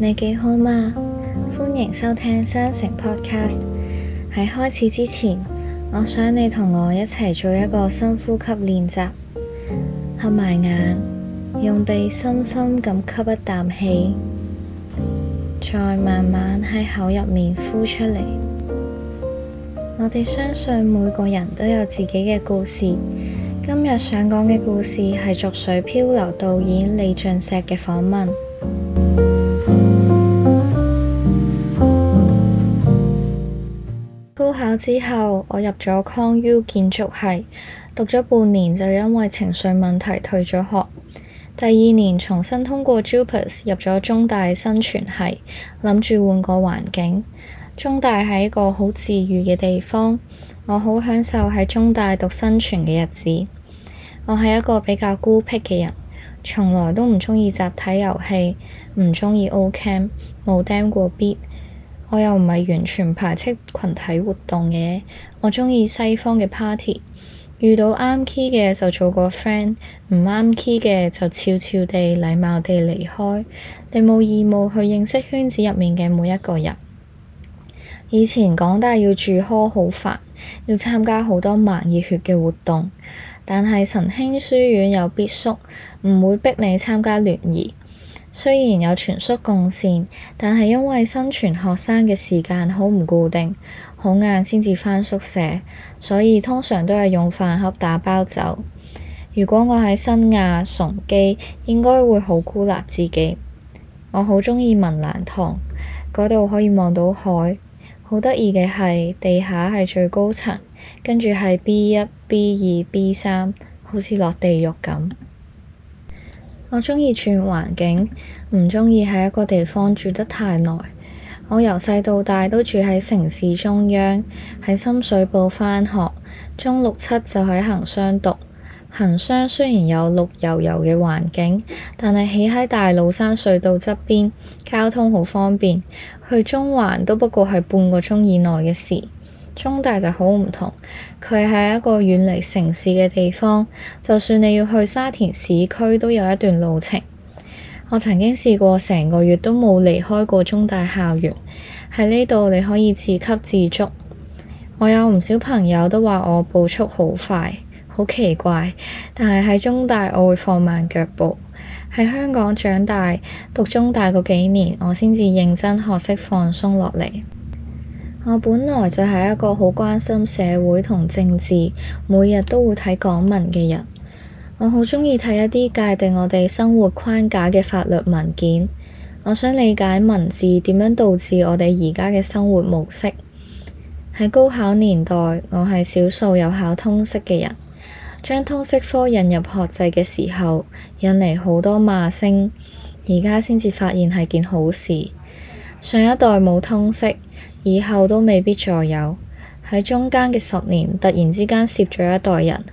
你幾好嘛？歡迎收聽新城 Podcast。喺開始之前，我想你同我一齊做一個深呼吸練習，合埋眼。用鼻深深咁吸一啖氣，再慢慢喺口入面呼出嚟。我哋相信每個人都有自己嘅故事。今日想講嘅故事係《逐水漂流》導演李進石嘅訪問。高考之後，我入咗康 U 建築系，讀咗半年就因為情緒問題退咗學。第二年重新通過 JUPAS 入咗中大生存系，諗住換個環境。中大係一個好治癒嘅地方，我好享受喺中大讀生存嘅日子。我係一個比較孤僻嘅人，從來都唔中意集體遊戲，唔中意 O camp，冇 damn 過 beat。我又唔係完全排斥群體活動嘅，我中意西方嘅 party。遇到啱 key 嘅就做個 friend，唔啱 key 嘅就悄悄地、禮貌地離開。你冇義務去認識圈子入面嘅每一個人。以前港大要住科好煩，要參加好多蠻熱血嘅活動，但係神興書院有別宿，唔會逼你參加聯誼。雖然有全宿共膳，但係因為新傳學生嘅時間好唔固定。好晏先至返宿舍，所以通常都係用飯盒打包走。如果我喺新亞崇基，應該會好孤立自己。我好鍾意文蘭堂，嗰度可以望到海。好得意嘅係，地下係最高層，跟住係 B 一、B 二、B 三，好似落地獄咁。我鍾意轉環境，唔鍾意喺一個地方住得太耐。我由細到大都住喺城市中央，喺深水埗返學，中六七就喺恆商讀。恆商雖然有綠油油嘅環境，但係起喺大老山隧道側邊，交通好方便，去中環都不過係半個鐘以內嘅事。中大就好唔同，佢係一個遠離城市嘅地方，就算你要去沙田市區，都有一段路程。我曾經試過成個月都冇離開過中大校園，喺呢度你可以自給自足。我有唔少朋友都話我步速好快，好奇怪。但係喺中大，我會放慢腳步。喺香港長大，讀中大嗰幾年，我先至認真學識放鬆落嚟。我本來就係一個好關心社會同政治，每日都會睇港聞嘅人。我好鍾意睇一啲界定我哋生活框架嘅法律文件。我想理解文字點樣導致我哋而家嘅生活模式。喺高考年代，我係少數有考通識嘅人。將通識科引入學制嘅時候，引嚟好多罵聲。而家先至發現係件好事。上一代冇通識，以後都未必再有。喺中間嘅十年，突然之間攝咗一代人。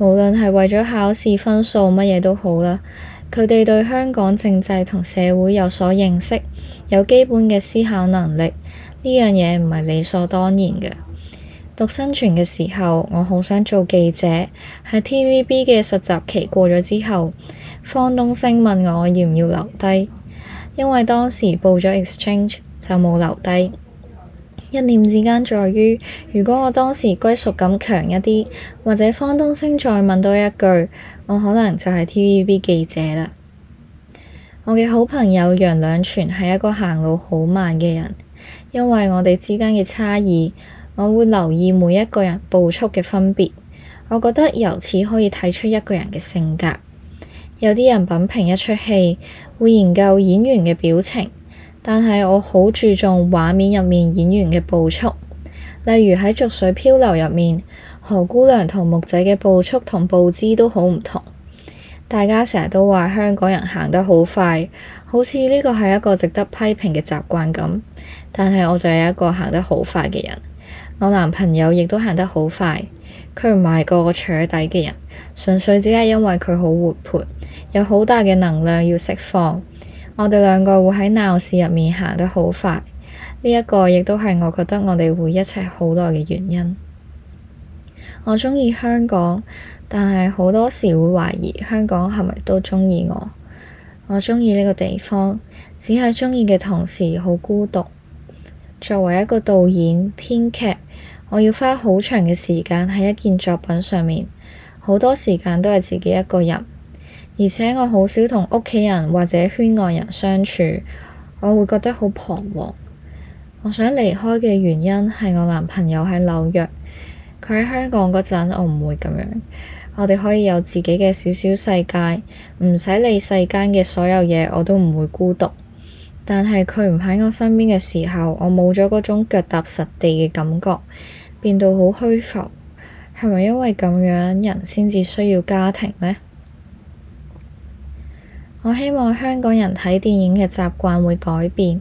無論係為咗考試分數乜嘢都好啦，佢哋對香港政制同社會有所認識，有基本嘅思考能力，呢樣嘢唔係理所當然嘅。讀生存嘅時候，我好想做記者。喺 TVB 嘅實習期過咗之後，方東升問我要唔要留低，因為當時報咗 exchange 就冇留低。一念之間，在於如果我當時歸屬感強一啲，或者方東升再問多一句，我可能就係 TVB 記者啦。我嘅好朋友楊兩全係一個行路好慢嘅人，因為我哋之間嘅差異，我會留意每一個人步速嘅分別。我覺得由此可以睇出一個人嘅性格。有啲人品評一出戲，會研究演員嘅表情。但係我好注重畫面入面演員嘅步速，例如喺《濁水漂流》入面，何姑娘同木仔嘅步速同步姿都好唔同。大家成日都話香港人行得好快，好似呢個係一個值得批評嘅習慣咁。但係我就係一個行得好快嘅人，我男朋友亦都行得好快，佢唔係個躁底嘅人，純粹只係因為佢好活潑，有好大嘅能量要釋放。我哋兩個會喺鬧市入面行得好快，呢一個亦都係我覺得我哋會一齊好耐嘅原因。我鍾意香港，但係好多時會懷疑香港係咪都鍾意我。我鍾意呢個地方，只係鍾意嘅同時好孤獨。作為一個導演、編劇，我要花好長嘅時間喺一件作品上面，好多時間都係自己一個人。而且我好少同屋企人或者圈外人相處，我會覺得好彷徨。我想離開嘅原因係我男朋友喺紐約，佢喺香港嗰陣我唔會咁樣。我哋可以有自己嘅小小世界，唔使理世間嘅所有嘢，我都唔會孤獨。但係佢唔喺我身邊嘅時候，我冇咗嗰種腳踏實地嘅感覺，變到好虛浮。係咪因為咁樣人先至需要家庭呢？我希望香港人睇電影嘅習慣會改變。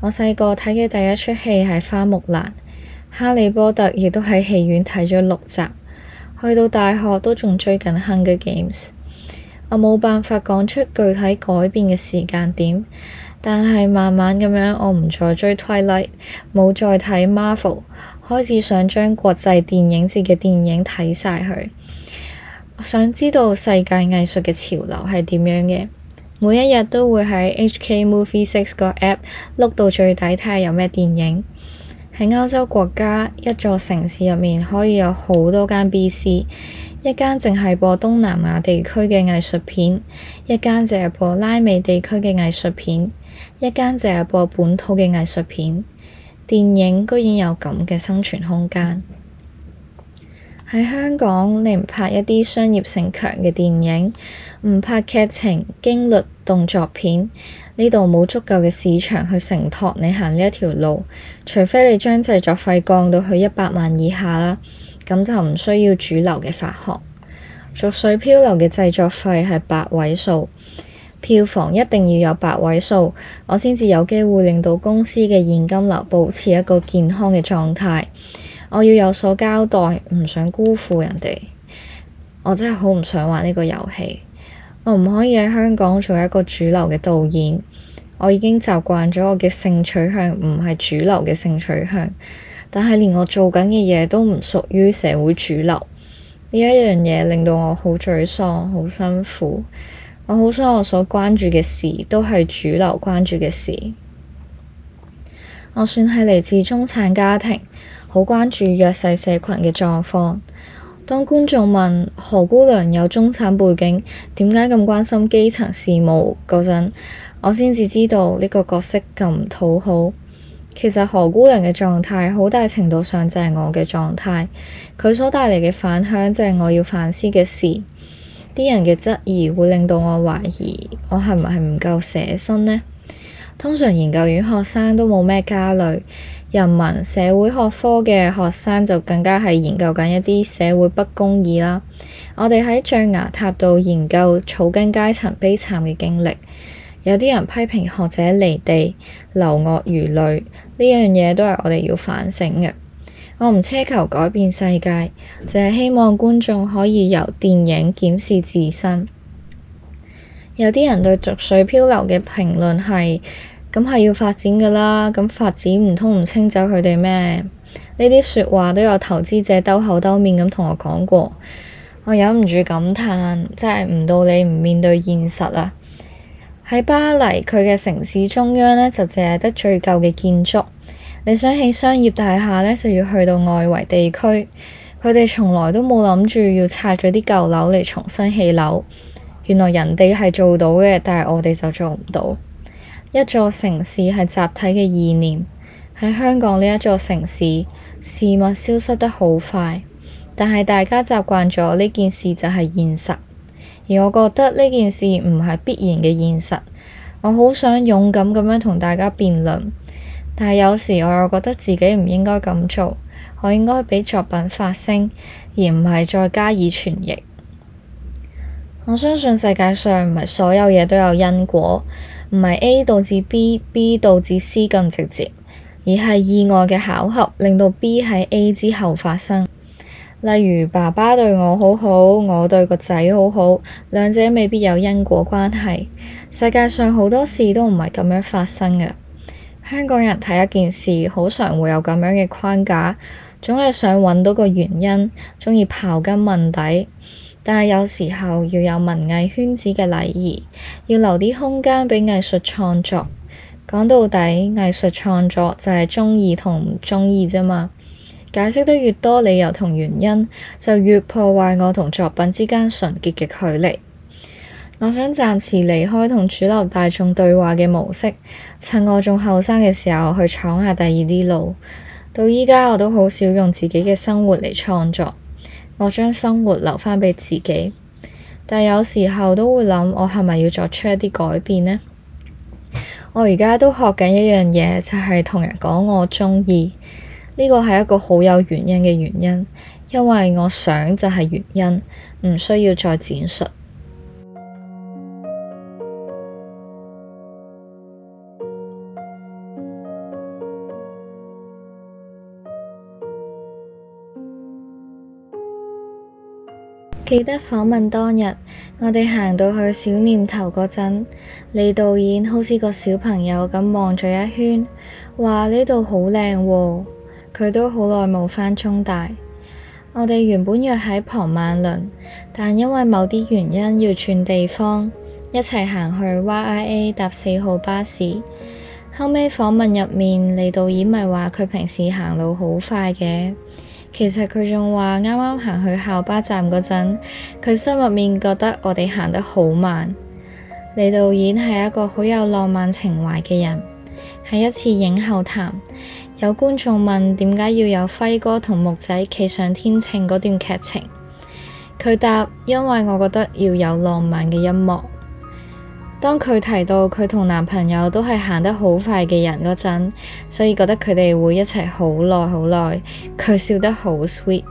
我細個睇嘅第一出戲係《花木蘭》，《哈利波特》亦都喺戲院睇咗六集。去到大學都仲追緊《Hunger Games》。我冇辦法講出具體改變嘅時間點，但係慢慢咁樣，我唔再追《Twilight》，冇再睇《Marvel》，開始想將國際電影節嘅電影睇晒佢。我想知道世界藝術嘅潮流係點樣嘅。每一日都會喺 HK Movie Six 個 app 碌到最底，睇下有咩電影。喺歐洲國家，一座城市入面可以有好多間 BC，一間淨係播東南亞地區嘅藝術片，一間淨係播拉美地區嘅藝術片，一間淨係播本土嘅藝術片。電影居然有咁嘅生存空間。喺香港，你唔拍一啲商業性強嘅電影，唔拍劇情、驚慄動作片，呢度冇足夠嘅市場去承托你行呢一條路。除非你將製作費降到去一百萬以下啦，咁就唔需要主流嘅發行。逐水漂流嘅製作費係八位數，票房一定要有八位數，我先至有機會令到公司嘅現金流保持一個健康嘅狀態。我要有所交代，唔想辜負人哋。我真係好唔想玩呢個遊戲。我唔可以喺香港做一個主流嘅導演。我已經習慣咗我嘅性取向唔係主流嘅性取向，但係連我做緊嘅嘢都唔屬於社會主流。呢一樣嘢令到我好沮喪，好辛苦。我好想我所關注嘅事都係主流關注嘅事。我算係嚟自中產家庭。好關注弱勢社群嘅狀況。當觀眾問何姑娘有中產背景，點解咁關心基層事務嗰陣，我先至知道呢個角色咁討好。其實何姑娘嘅狀態，好大程度上就係我嘅狀態。佢所帶嚟嘅反響，就係我要反思嘅事。啲人嘅質疑，會令到我懷疑我係唔係唔夠捨身呢？通常研究院學生都冇咩家累。人民社會學科嘅學生就更加係研究緊一啲社會不公義啦。我哋喺象牙塔度研究草根階層悲慘嘅經歷，有啲人批評學者離地、流惡如淚呢樣嘢，都係我哋要反省嘅。我唔奢求改變世界，淨係希望觀眾可以由電影檢視自身。有啲人對《逐水漂流評論》嘅評論係。咁係要發展噶啦，咁發展唔通唔清走佢哋咩？呢啲說話都有投資者兜口兜面咁同我講過，我忍唔住感嘆，真係唔到你唔面對現實啊！喺巴黎，佢嘅城市中央呢，就淨係得最舊嘅建築，你想起商業大廈呢，就要去到外圍地區。佢哋從來都冇諗住要拆咗啲舊樓嚟重新起樓。原來人哋係做到嘅，但係我哋就做唔到。一座城市係集體嘅意念，喺香港呢一座城市，事物消失得好快，但係大家習慣咗呢件事就係現實。而我覺得呢件事唔係必然嘅現實，我好想勇敢咁樣同大家辯論，但係有時我又覺得自己唔應該咁做，我應該畀作品發聲，而唔係再加以傳譯。我相信世界上唔係所有嘢都有因果，唔係 A 導致 B，B 導致 C 咁直接，而係意外嘅巧合令到 B 喺 A 之後發生。例如爸爸對我好好，我對個仔好好，兩者未必有因果關係。世界上好多事都唔係咁樣發生嘅。香港人睇一件事，好常會有咁樣嘅框架，總係想揾到個原因，中意刨根問底。但係有時候要有文藝圈子嘅禮儀，要留啲空間畀藝術創作。講到底，藝術創作就係中意同唔中意啫嘛。解釋得越多理由同原因，就越破壞我同作品之間純潔嘅距離。我想暫時離開同主流大眾對話嘅模式，趁我仲後生嘅時候去闖下第二啲路。到依家我都好少用自己嘅生活嚟創作。我將生活留翻畀自己，但有時候都會諗，我係咪要作出一啲改變呢？我而家都學緊一樣嘢，就係同人講我鍾意，呢個係一個好有原因嘅原因，因為我想就係原因，唔需要再展述。記得訪問當日，我哋行到去小念頭嗰陣，李導演好似個小朋友咁望咗一圈，話呢度好靚喎。佢、哦、都好耐冇返中大。我哋原本約喺龐萬倫，但因為某啲原因要轉地方，一齊行去 YIA 搭四號巴士。後尾訪問入面，李導演咪話佢平時行路好快嘅。其實佢仲話，啱啱行去校巴站嗰陣，佢心入面覺得我哋行得好慢。李導演係一個好有浪漫情懷嘅人。喺一次影後談，有觀眾問點解要有輝哥同木仔企上天秤嗰段劇情，佢答：因為我覺得要有浪漫嘅音樂。當佢提到佢同男朋友都係行得好快嘅人嗰陣，所以覺得佢哋會一齊好耐好耐。佢笑得好 sweet。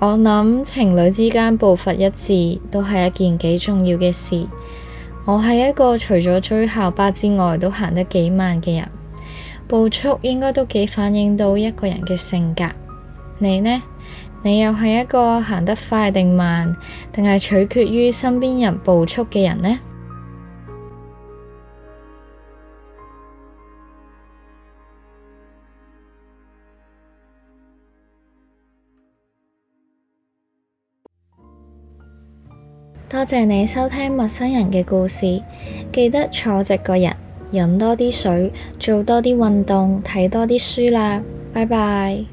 我諗情侶之間步伐一致都係一件幾重要嘅事。我係一個除咗追校巴之外都行得幾慢嘅人，步速應該都幾反映到一個人嘅性格。你呢？你又係一個行得快定慢，定係取決於身邊人步速嘅人呢？多謝你收聽陌生人嘅故事，記得坐直個人，飲多啲水，做多啲運動，睇多啲書啦。拜拜。